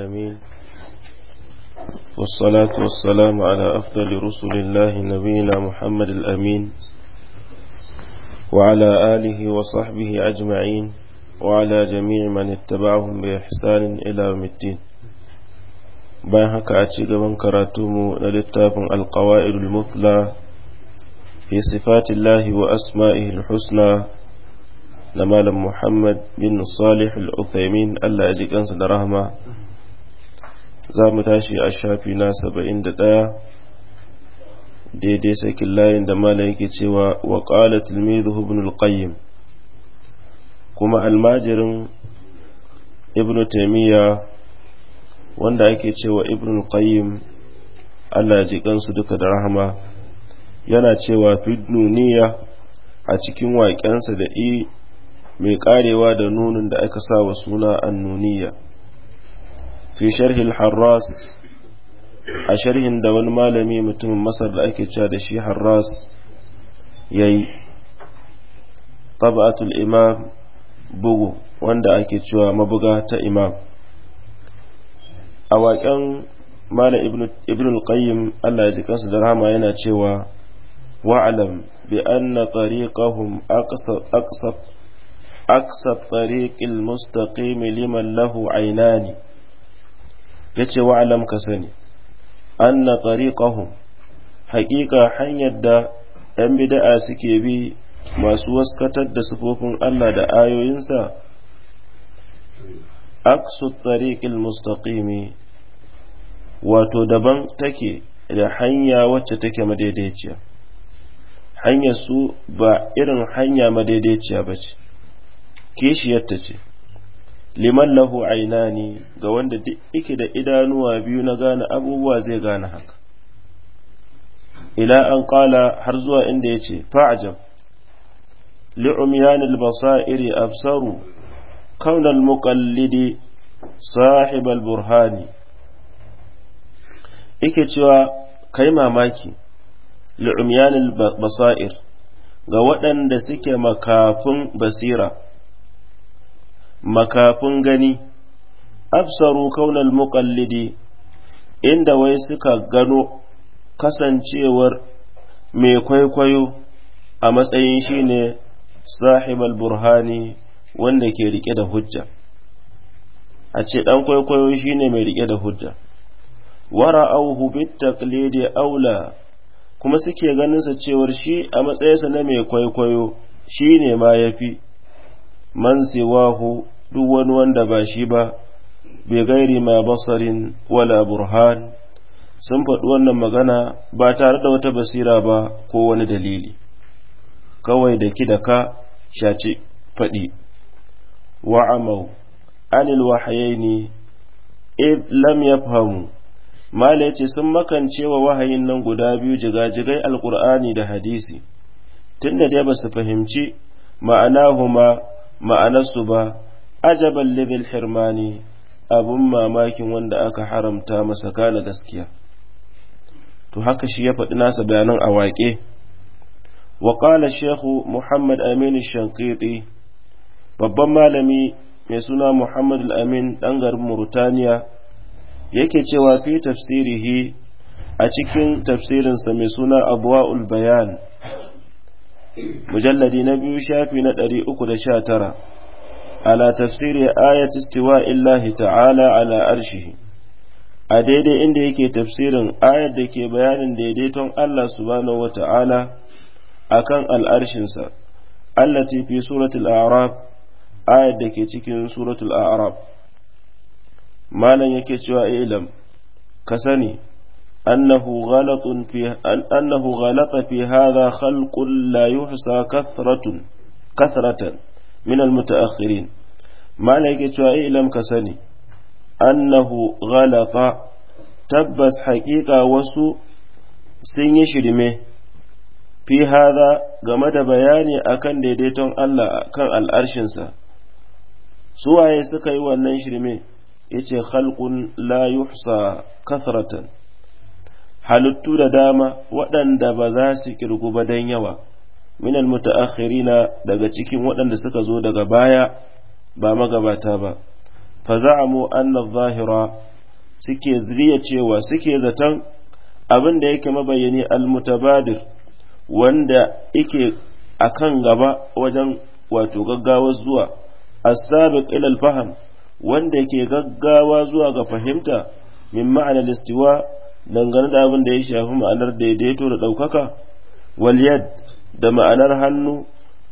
العالمين والصلاة والسلام على أفضل رسل الله نبينا محمد الأمين وعلى آله وصحبه أجمعين وعلى جميع من اتبعهم بإحسان إلى يوم الدين bayan haka a ci gaban karatunmu na littafin alkawa'idul mutla fi sifatillahi wa asma'ihil husna na malam muhammad bin salih al allah ya ji da za mu tashi a shafi na saba'in da ɗaya daidai sakin layin da malam yake cewa wa ƙwala tilmizu ibn ƙayyim kuma almajirin ibn taimiyya wanda ake cewa ibn ƙayyim Allah ji ƙansu duka da rahama yana cewa fidnuniya a cikin waƙensa da i mai ƙarewa da nunin da aka sa wa suna annuniya fi sharhil harras a sharhin da wani malami mutumin masar da ake cewa da shi harras yayi tab'atul imam bugu wanda ake cewa mabuga ta imam a waƙen mala ibn al-qayyim Allah ya ji kansu da rahama yana cewa wa'alam bi anna tariqahum aqsa aqsa tariqil mustaqim liman lahu aynani yace wa alam ka sani anna tariqahum haƙiƙa hanyar da ‘yan bida'a suke bi masu waskatar da sufofin Allah da ayoyinsa, aksu tariƙil mustaqimi wato daban take da hanya wacce take madaidaiciya. Hanyar su ba irin hanya madaidaiciya ba ce, kishiyarta ce. liman lahu ainani ga wanda duk ike da idanuwa biyu na gane abubuwa zai gane haka ila an kala har zuwa inda ya ce fa'ajab li'umyanil basairi absaru kaunal muqallidi sahibal burhani ike cewa kai mamaki li'umyanil basair ga waɗanda suke makafin basira makafin gani absaru kaunal muƙallidi inda wai suka gano kasancewar mai kwaikwayo a matsayin shine sahibal burhani wanda ke rike da hujja a ce ɗan kwaikwayo shine mai rike da hujja wara auhu bit taqlidi aula kuma suke ganin sa cewar shi a matsayinsa na mai kwaikwayo shine ma yafi man siwahu duk wani wanda ba shi ba bai gairi ma basarin wala burhan sun faɗi wannan magana ba tare da wata basira ba ko wani dalili kawai da ki da ka shaci faɗi wa'amau anil ne id lam yafhamu mala ce sun makance wa wahayin nan guda biyu jigajigai alkur'ani da hadisi tunda dai ba su fahimci ma'ana ma'anahuma ma'anarsu ba ajaban lidil hirmani abun mamakin wanda aka haramta masa kana gaskiya to haka shi ya faɗi nasa bayanan a waƙe wa ƙala shehu muhammad aminu shankiti babban malami mai suna muhammad al-amin ɗan garin murtaniya yake cewa fi tafsirihi a cikin tafsirinsa mai suna abuwa'ul bayan mujalladi na biyu shafi na ɗari uku da sha tara Ala تفسير آية استواء الله تعالى على a daidai inda yake tafsirin ayar da ke bayanin daidaiton Allah subhanahu wa ta'ala a kan al'arshinsa, allati fi suratul arab ayar da ke cikin suratul arab malam yake cewa ilam ka sani annahu ghalata fi hadha khalqun la yuhsa kathratan min al-mutaakhirin mala yake cewa ilam ka sani annahu ghalafa tabbas haƙiƙa wasu sun yi shirme fi hada game da bayani akan daidaiton Allah kan al'arshinsa suwaye suka yi wannan shirme yace khalqun la yuhsa kathratan halittu da dama waɗanda ba za su kirgu ba don yawa minal mutaakhirina daga cikin waɗanda suka zo daga baya ba magabata ba fa za'amu anna zahira suke ziriya cewa suke zaton abin da yake mabayyani almutabadir wanda yake akan gaba wajen wato gaggawa zuwa as-sabiq ila al-fahm wanda yake gaggawa zuwa ga fahimta min ma'ana listiwa dangane da abin da ya shafi ma'anar daidaito da ɗaukaka wal yad da ma'anar hannu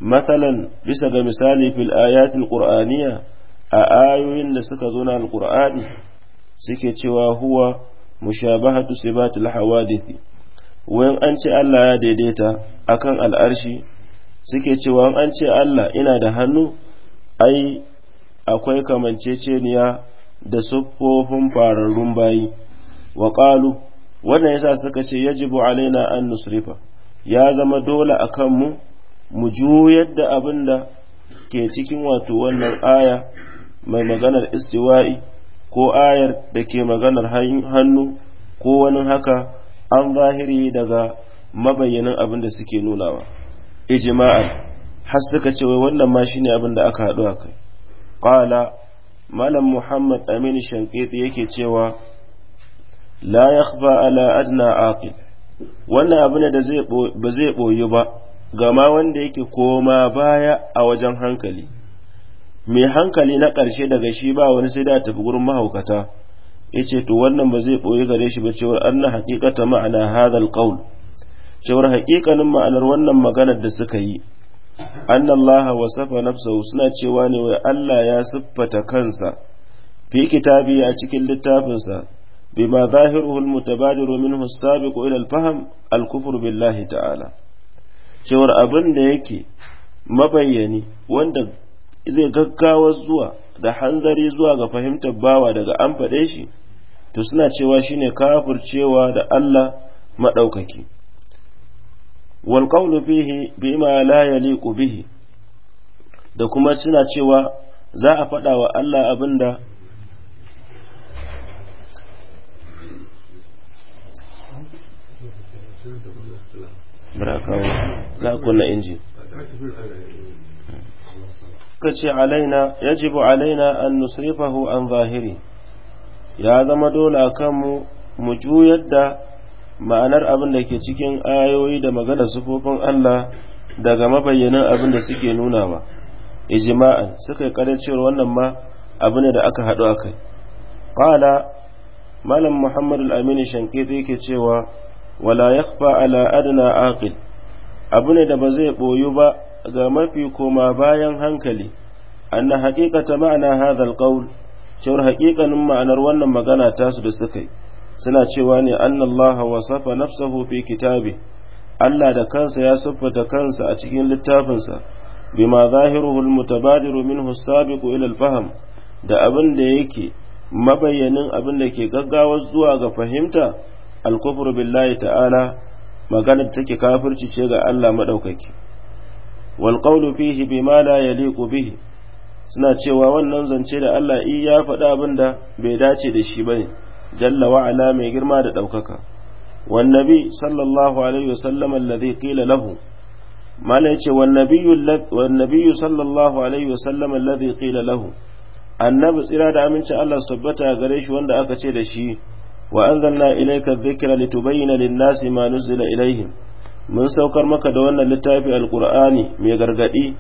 matsalan bisa ga misali fil ayatul qur'aniya a ayoyin da suka zo na alqur'ani suke cewa huwa mushabahatu sibatil hawadithi wayan an ce Allah ya daidaita akan al'arshi suke cewa an ce Allah ina da hannu ai akwai kamanceceniya da siffofin fararrun bayi wa ƙalu wannan yasa suka ce yajibu alaina an nusrifa ya zama dole a kanmu mu juyar da abin da ke cikin wato wannan aya mai maganar istiwa'i ko ayar da ke maganar hannu ko wani haka an zahiri daga mabayyanin abin da suke nunawa ijma'a har suka ce wai wannan ma shine abin da aka haɗu a kai malam muhammad aminu shankiti yake cewa la ya ala adna aqil wannan abin da ba zai ɓoyi ba gama wanda yake koma baya a wajen hankali mai hankali na ƙarshe daga shi ba wani sai da tafi gurin mahaukata ce to wannan ba zai ɓoye gare shi ba cewar na hakikata ma'ana hadal ƙaun. cewar haƙiƙanin ma'anar wannan maganar da suka yi wa Safa nafsahu suna cewa ne wai Allah ya siffata kansa fi kitabi a cikin littafinsa bima zahiruhu almutabadiru minhu as-sabiqu ila al-fahm al-kufru billahi ta'ala cewar abin da yake mabayyani wanda zai gaggawa zuwa da hanzari zuwa ga fahimtar bawa daga an faɗe shi to suna cewa shine kafircewa da Allah maɗaukaki wal qawlu fihi bima la yaliqu bihi da kuma suna cewa za a faɗa wa Allah abinda barakawo za a kunna inji ka ce alaina yajibu alaina an nusrifahu an zahiri ya zama dole a kanmu mu juyar da ma'anar abin da ke cikin ayoyi da magana sufofin Allah daga mabayyanan abin da suke nunawa ijma'an suka yi karar cewar wannan ma abu ne da aka haɗu akai qala malam muhammad al-amin ke yake cewa wala yakhfa ala adna aqil abu ne da ba zai boyu ba ga mafi koma bayan hankali anna haqiqata ma'ana hadha alqawl cewar haƙiƙanin ma'anar wannan magana tasu da suka yi suna cewa ne annallaha wasafa nafsahu fi kitabi Allah da kansa ya siffata kansa a cikin littafinsa bima zahiruhu almutabadiru minhu as-sabiqu ila al da abin da yake mabayyanin abin da ke gaggawa zuwa ga fahimta alkufru billahi ta'ala maganar take kafirci ce ga Allah maɗaukaki wal qawlu fihi bima la yaliqu bihi suna cewa wannan zance da Allah i ya faɗa abin da bai dace da shi bane jalla wa ala mai girma da ɗaukaka wan nabi sallallahu alaihi wasallam alladhi qila lahu mala yace wan nabiyyu wan nabiyyu sallallahu alaihi wasallam alladhi qila lahu annabi tsira da aminci Allah su tabbata gare shi wanda aka ce da shi وأنزلنا إليك الذكر لتبين للناس ما نزل إليهم من سوكر مكة دون لتابع القرآن ميغرغئي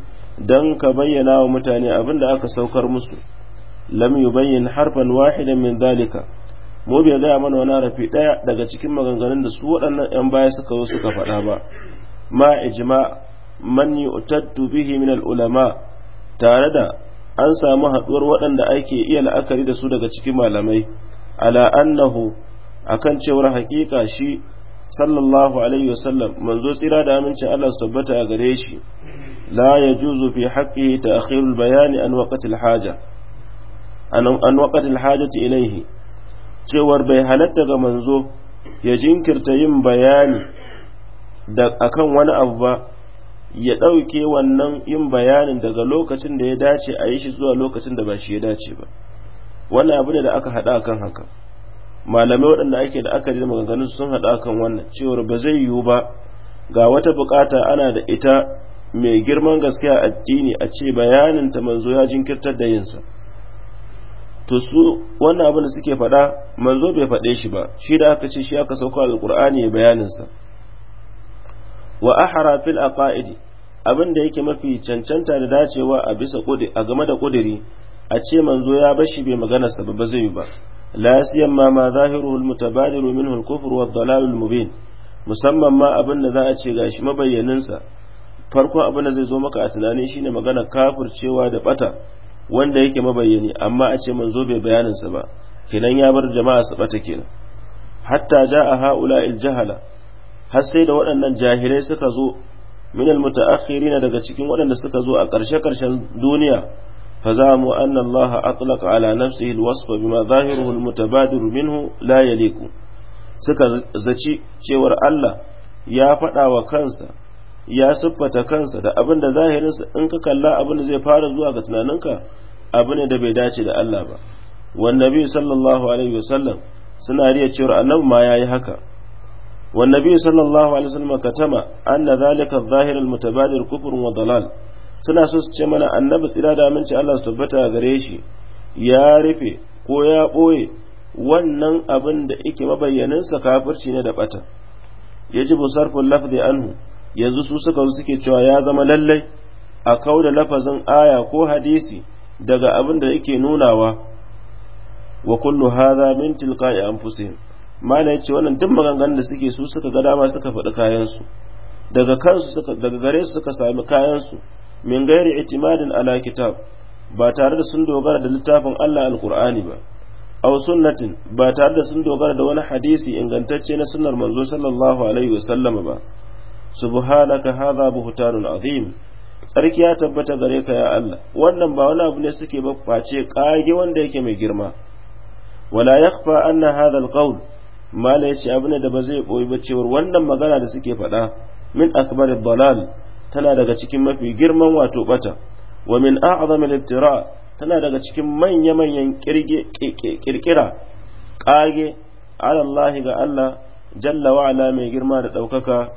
دن كبينا ومتاني أبن لأك سوكر مسلم لم يبين حرفا واحدا من ذلك mu bai gaya mana wani rafi ɗaya daga cikin maganganun da su waɗannan 'yan baya suka zo suka faɗa ba ma ijma man yu'taddu bihi min ulama tare da an samu haɗuwar waɗanda ake iya la'akari da su daga cikin malamai ala annahu akan cewar haƙiƙa shi sallallahu alaihi wasallam manzo tsira da amincin Allah su tabbata a gare shi la yajuzu fi haqqihi ta'khirul bayani an waqtil haja an waqtil hajati ilayhi cewar bai halatta ga manzo ya jinkirta yin bayani da akan wani abu ba ya ɗauke wannan yin bayanin daga lokacin da ya dace a yi shi zuwa lokacin da ba shi ya dace ba wannan abu da aka haɗa kan haka malamai waɗanda ake da aka jima maganganun sun haɗa kan wannan cewar ba zai yiwu ba ga wata bukata ana da ita mai girman gaskiya addini a ce bayanin ta manzo ya jinkirtar da yinsa to su wannan abin da suke faɗa manzo bai faɗe shi ba shi da aka ce shi aka sauka alqur'ani ya bayanin sa wa ahra fil aqaidi abin da yake mafi cancanta da dacewa a bisa a game da kudiri a ce manzo ya bashi bai magana sa ba zai ba la siyamma ma zahiruhu almutabadiru minhu alkufr wa ad-dalal almubin musamman ma abin da za a ce gashi mabayyanin sa farko abin da zai zo maka a tunani shine magana cewa da bata wanda yake mabayyani amma a ce manzo bai bayanin sa ba kenan ya bar jama'a su bata kenan hatta jaa haula aljahala har sai da waɗannan jahilai suka zo min na daga cikin waɗanda suka zo a ƙarshe-ƙarshen duniya فزعموا أن الله أطلق على نفسه الوصف بما ظاهره المتبادر منه لا يليق suka zaci cewar Allah ya faɗa wa kansa ya siffata kansa da abin da zahirinsa in ka kalla abin da zai fara zuwa ga tunaninka abu ne da bai dace da Allah ba wan nabi sallallahu alaihi wasallam suna riya cewar annabi ma ya yi haka wan nabi sallallahu alaihi wasallam katama anna zalika adh-dhahir al-mutabadir kufrun wa dalal suna so su ce mana annabi tsira da aminci Allah su tabbata gare shi ya rufe ko ya ɓoye wannan abin da yake sa kafirci ne da bata yaji bu sarfin lafzi anhu yanzu su suka suke cewa ya zama lallai a kau da lafazin aya ko hadisi daga abin da yake nunawa wa kullu hadha min tilqa'i anfusihim mana yace wannan duk maganganun da suke su suka ga dama suka faɗi kayan su daga kansu suka daga gare su suka sami kayan su min gairi itimadin ala kitab ba tare da sun dogara da littafin Allah alkur'ani ba aw sunnatin ba tare da sun dogara da wani hadisi ingantacce na sunnar manzo sallallahu alaihi wasallam ba subhanaka hadha buhtanun azim tsarki ya tabbata gare ka ya Allah wannan ba wani abu ne suke ba face kage wanda yake mai girma wala yakhfa anna hadha alqawl mala yace abu ne da ba zai boyi ba cewar wannan magana da suke faɗa min akbar dalal tana daga cikin mafi girman wato bata wa min a'zamil ibtira tana daga cikin manya-manyan kirkira kage ala ga Allah jalla wa ala mai girma da daukaka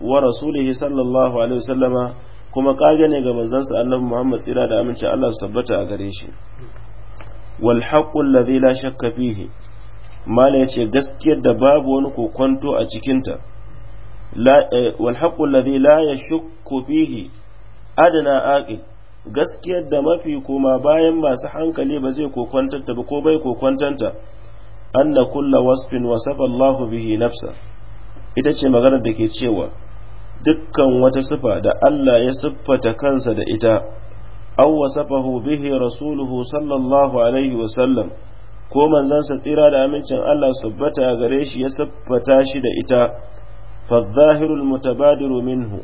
wa rasulihi sallallahu alaihi wasallama kuma kage ne ga sa annabi Muhammad tsira da aminci Allah su tabbata a gare shi wal haqqu alladhi la shakka fihi mala yace gaskiyar da babu wani kokonto a cikinta ta wal haqqul ya la bihi. adana aƙi. gaskiyar da mafi koma bayan masu hankali ba zai kokwantanta ba ko bai kokwantanta anna kulla wasfin wasafa Allah bihi nafsa ita ce maganar da ke cewa dukkan wata sifa da Allah ya siffata kansa da ita aw wasafahu bihi rasuluhu sallallahu alaihi wa sallam ko manzansa tsira da amincin Allah subbata gare shi ya siffata shi da ita فالظاهر المتبادر منه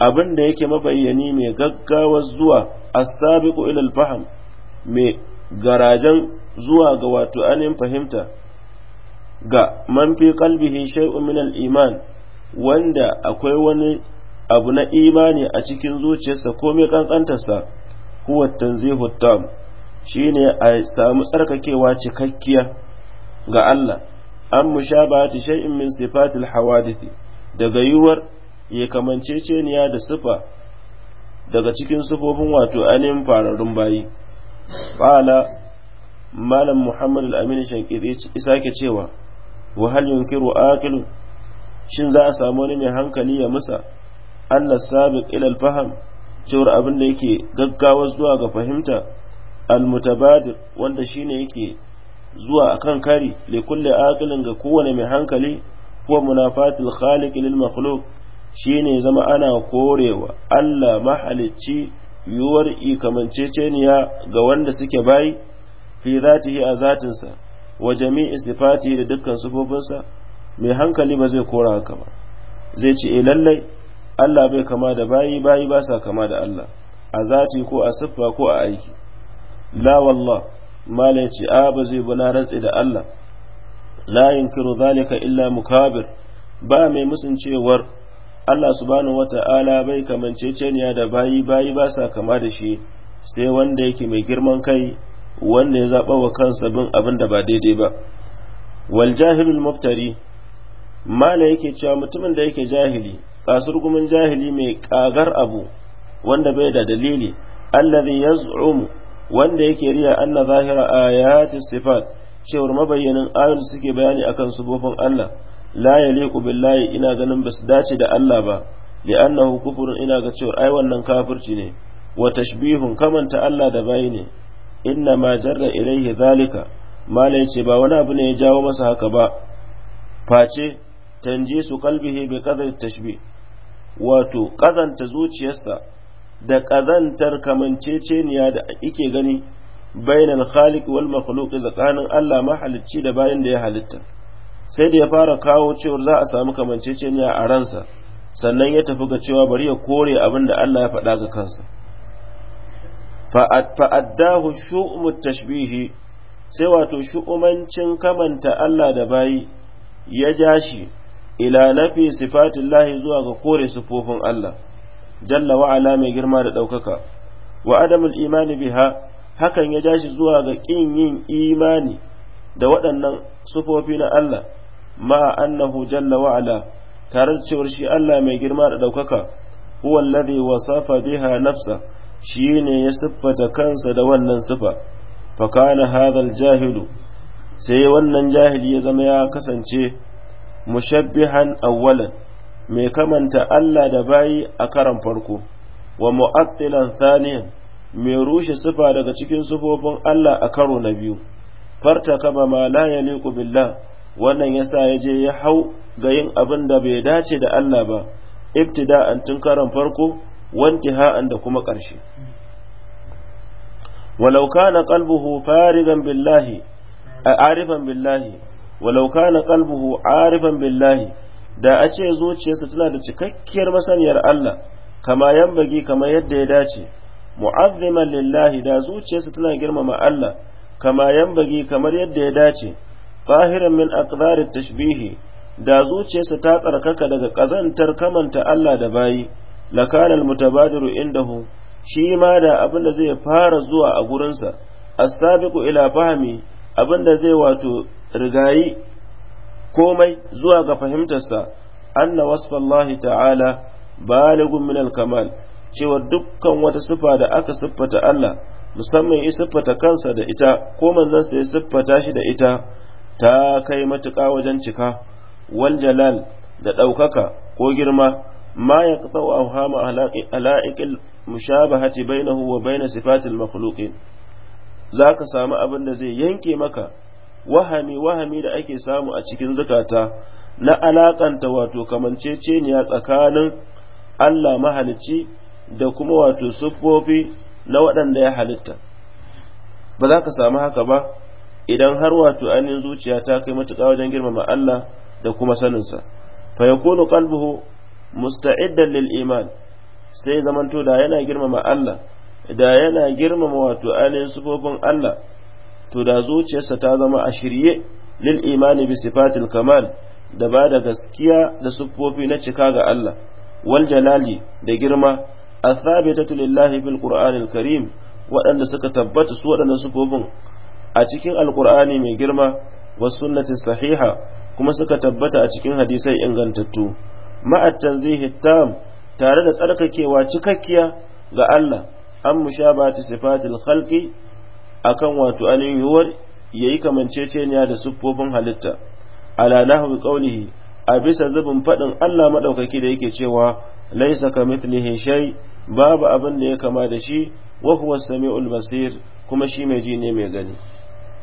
abin da yake mabayyani mai gaggawar zuwa a ila al-fahm mai garajen zuwa ga wato anin fahimta ga man fi qalbihi shay'un min al-iman wanda akwai wani abu na imani a cikin zuciyarsa ko mai kankantarsa huwa tanzihu tam shine a samu tsarkakewa cikakkiya ga Allah an mushabati shay'in min sifatil hawadithi daga yiwuwar ya kamanceceniya da sifa daga cikin sifofin wato anin fararun bayi bala. malam muhammad al-amin shankiri isake cewa wa hal yunkiru aqilu shin za a samu wani mai hankali ya musa anna sabiq ila al-faham cewar abin da yake gaggawa zuwa ga fahimta al-mutabadir wanda shine yake zuwa akan kari le kulli aqilin ga kowane mai hankali kuwa munafatil khaliq lil makhluq shine zama ana korewa Allah mahalicci yuwar ikamanceceniya ga wanda suke bayi fi zatihi a zatinsa wa jami'i sifati da dukkan sifofinsa mai hankali ba zai kora haka ba zai ce eh, lallai Allah bai kama da bayi bayi ba sa kama da Allah a zati ko a siffa ko a aiki la wallahi malai ce a ba zai bula rantse da Allah la kiro zalika illa mukabir ba mai musun cewar Allah subhanahu wata'ala bai kamanceceniya da bayi bayi ba sa kama da shi sai wanda yake mai girman kai wanda ya zaɓa wa kansa bin abin da ba daidai ba wal jahilul muftari mala yake cewa mutumin da yake jahili kasurgumin jahili mai kagar abu wanda bai da dalili allazi yaz'umu wanda yake riya anna zahira ayati sifat cewar mabayyanin ayoyin da suke bayani akan subofin Allah la yaliqu billahi ina ganin basu dace da Allah ba li'annahu kufrun ina ga cewar ai wannan kafirci ne wa tashbihun kamanta Allah da bayi ne inna ma jarra ilaihi zalika mala yace ba wani abu ne ya jawo masa haka ba face tanjisu qalbihi bi qadri tashbih wato kazanta zuciyarsa da ƙazantar kamanceceniya da ike gani bainal khaliq wal makhluq zakanin Allah mahalicci da bayan da ya halitta sai da ya fara kawo cewar za a samu kamanceceniya a ransa sannan ya tafi ga cewa bari ya kore abinda da Allah ya faɗa ga kansa fa'addahu at tashbihi sai wato shu'umancin kamanta Allah da bayi ya jashi, shi ila nafi sifatillahi zuwa ga kore sufofin Allah jalla wa'ala mai girma da ɗaukaka wa adamul imani biha hakan ya jashi zuwa ga ƙin yin imani da waɗannan sufofi na Allah ma annahu jalla wa'ala tare da cewar shi Allah mai girma da ɗaukaka huwa alladhi wasafa biha nafsa shine ya siffata kansa da wannan sifa fa kana hadha jahilu sai wannan jahili ya zama ya kasance mushabbihan awwalan mai kamanta Allah da bayi a karan farko wa mu'attilan thaniyan mai rushe sifa daga cikin sifofin Allah a karo na biyu farta kama ma la yaliqu billah wannan yasa yaje ya hau ga yin abin da bai dace da Allah ba ibtida'an tun karan farko wantiha'an da kuma ƙarshe walau kana qalbuhu farigan billahi arifan billahi walau kana qalbuhu arifan billahi da a ce zuciyarsa tana da cikakkiyar masaniyar Allah kama bagi kama yadda ya dace mu'azziman lillahi da zuciyarsa tana girmama Allah kama yambagi kamar yadda ya dace fahiran min aqdarit tashbihi da zuciyarsa ta tsarkaka daga kazantar kamanta Allah da bayi lakanal mutabadiru indahu shi ma da abin da zai fara zuwa a gurinsa as ila fahmi abin da zai wato rigayi komai zuwa ga fahimtarsa anna wasfallahi ta'ala balighun min al-kamal cewa dukkan wata sifa da aka siffata Allah musamman ya siffata kansa da ita ko manzansa ya siffata shi da ita ta kai matuƙa wajen cika wal jalal da ɗaukaka ko girma ma ya kafa wa auhama ala'iƙil mushabahati bainahu wa baina sifatil makhluqin zaka samu abin da zai yanke maka wahami wahami da ake samu a cikin zukata na alaƙanta wato kamanceceniya tsakanin Allah mahalicci da kuma wato siffofi na waɗanda ya halitta ba za ka samu haka ba idan har wato ainihin zuciya ta kai matuƙa wajen girmama Allah da kuma saninsa fa ya yakunu kalbuhu musta'iddan lil iman sai zamanto da yana girmama Allah da yana girmama wato ainihin sifofin Allah to da zuciyarsa ta zama a shirye lil imani bi sifatil kamal da ba da gaskiya da siffofi na cika ga Allah wal jalali da girma athabitatu lillahi bil qur'anil karim waɗanda suka tabbata su waɗannan siffofin a cikin alqur'ani mai girma wa sunnati sahiha kuma suka tabbata a cikin hadisai ingantattu ma'at tanzihi tam tare da tsarkakewa cikakkiya ga Allah an mushabati sifatil khalqi akan wato an yiwuwar yayi kamanceceniya da siffofin halitta ala nahwi qawlihi a bisa zubin faɗin Allah maɗaukaki da yake cewa laisa kamithlihi shay babu abin da ya kama da shi wa huwa samiul basir kuma shi mai ji ne mai gani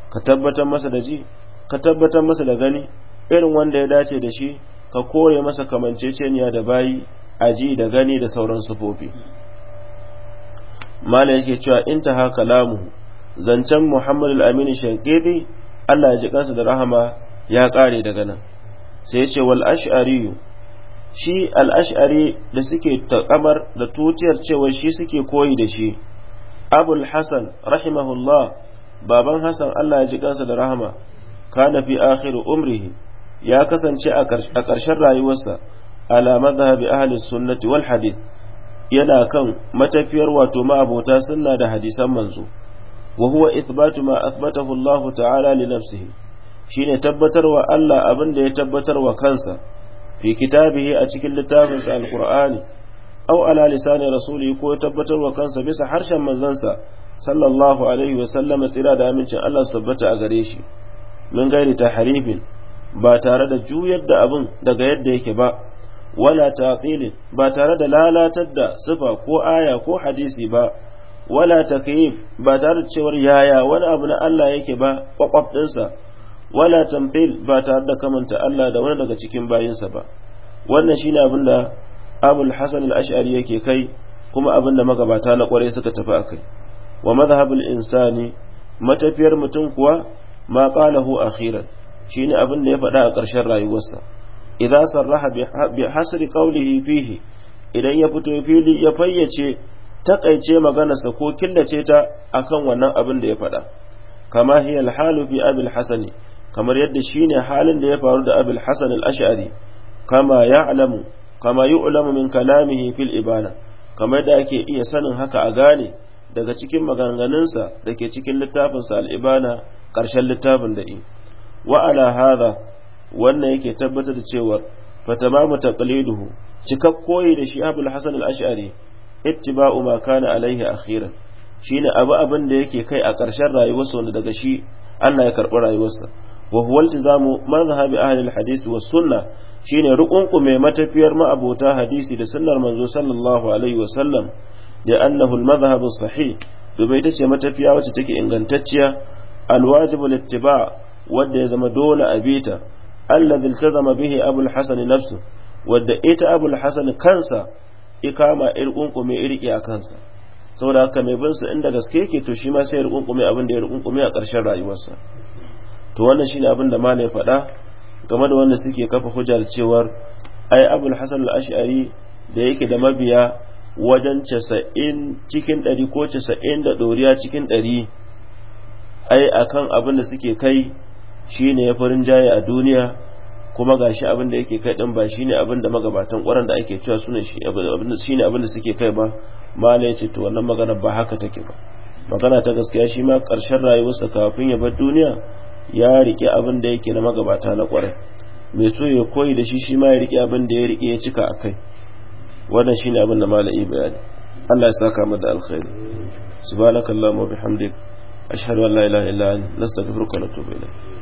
ka tabbatar masa da ji ka tabbatar masa da gani irin wanda ya dace da shi ka kore masa kamanceceniya da bayi a da gani da sauran sufofi mala yake cewa ha kalamu zancen Muhammadu Aminu amin Allah ya ji kansa da rahama ya ƙare daga nan sai ce wal ash'ari shi al ash'ari da suke taƙamar da tutiyar cewa shi suke koyi da shi Abul Hasan rahimahullah baban Hassan, Allah ya ji kansa da rahama kana fi akhiru umrihi ya kasance a ƙarshen rayuwarsa ala madhhabi ahli sunnati wal hadith yana kan matafiyar wato ma'abota sunna da hadisan manzo wa huwa ithbatu ma athbatahu Allah ta'ala li nafsihi shine tabbatarwa Allah abin da ya tabbatarwa kansa fi kitabihi a cikin littafinsa alqur'ani aw ala lisani rasuli ko tabbatarwa kansa bisa harshen manzansa sallallahu alaihi wa sallama tsira da amincin Allah su tabbata a gare shi mun gairi harifin ba tare da juyar da abin daga yadda yake ba wala taqilin ba tare da lalatar da sifa ko aya ko hadisi ba wala takyif ba tare da cewar yaya wani abu na Allah yake ba kwakwaf ɗinsa wala tamthil ba tare da kamanta Allah da wani daga cikin bayinsa ba wannan shine abin da al Hasan al-Ash'ari yake kai kuma abin da magabata na kwarai suka tafi akai wa al insani matafiyar mutum kuwa ma qalahu akhiran shine abin da ya faɗa a ƙarshen rayuwarsa idza sarraha bi hasri qawlihi fihi idan ya fito fili ya fayyace taƙaice maganarsa ko killace ta akan wannan abin da ya faɗa kama hiya alhalu fi abil hasani kamar yadda shi ne halin da ya faru da abil hasan al-ash'ari kama alamu kama yu'lamu min kalamihi fil ibana kamar da ake iya sanin haka a gane daga cikin maganganunsa da ke cikin littafinsa al'ibana ƙarshen littafin da'i wa ala hadha wannan yake tabbatar da cewa fatamamu taqliduhu cikak koyi da shi abul hasan al-ash'ari ittiba'u ma kana alaihi akhiran shine abu abin da yake kai a ƙarshen rayuwarsa wanda daga shi Allah ya karɓi rayuwarsa wa huwa iltizamu mazhabi ahli alhadith was sunna shine rukunkume matafiyar ma'abota hadisi da sunnar manzo sallallahu alaihi wa sallam da annahu almadhhab sahih domin ita ce matafiya wacce take ingantacciya alwajibu littiba wadda ya zama dole a bita alladhi iltazama bihi abul hasan nafsu wadda ita abul hasan kansa ikama ir kunkume irki a kansa saboda haka mai bin su inda gaske yake to shi ma sai ya kunkume abin da ya kunkume a ƙarshen rayuwarsa to wannan shine abin da malai faɗa game da wanda suke kafa hujjar cewar ai abul hasan al-ash'ari da yake da mabiya wajen 90 cikin 100 ko 90 da doriya cikin 100 ai akan abin da suke kai shine ya farin jaye a duniya kuma gashi abin da yake kai din ba shine abin da magabatan ƙwaran da ake cewa sune shi abin da shine abin da suke kai ba mala yace to wannan magana ba haka take ba magana ta gaskiya shi ma ƙarshen rayuwarsa kafin ya bar duniya ya rike abin da yake na magabata na ƙwarai mai so ya koyi da shi shi ma ya rike abin da ya rike ya cika akai wannan shine abin da mala yi bayani Allah ya saka mu da alkhairi subhanakallahumma wa bihamdik ashhadu an la ilaha illa anta astaghfiruka wa atubu ilayk